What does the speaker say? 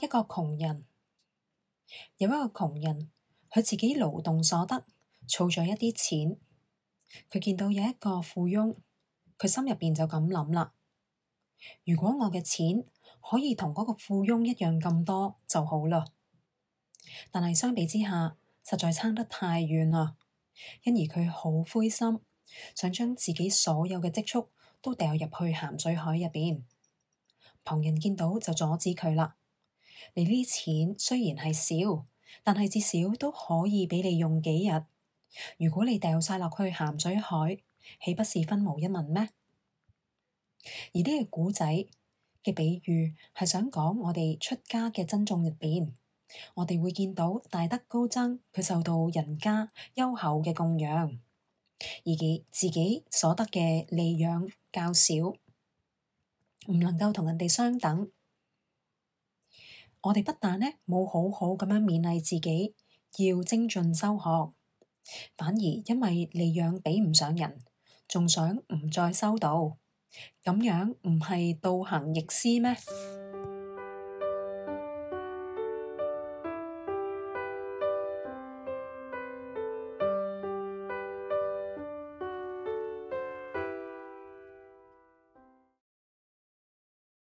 一個窮人，有一個窮人，佢自己勞動所得儲咗一啲錢。佢見到有一個富翁，佢心入邊就咁諗啦：如果我嘅錢可以同嗰個富翁一樣咁多就好啦。但係相比之下，實在差得太遠啦，因而佢好灰心，想將自己所有嘅積蓄都掉入去鹹水海入邊。旁人見到就阻止佢啦。你啲錢雖然係少，但係至少都可以畀你用幾日。如果你掉晒落去鹹水海，豈不是分無一文咩？而呢個古仔嘅比喻，係想講我哋出家嘅僧眾入邊，我哋會見到大德高僧佢受到人家優厚嘅供養，以及自己所得嘅利養較少，唔能夠同人哋相等。我哋不但呢冇好好咁樣勉勵自己要精進修學，反而因為利養比唔上人，仲想唔再修道，咁樣唔係倒行逆施咩？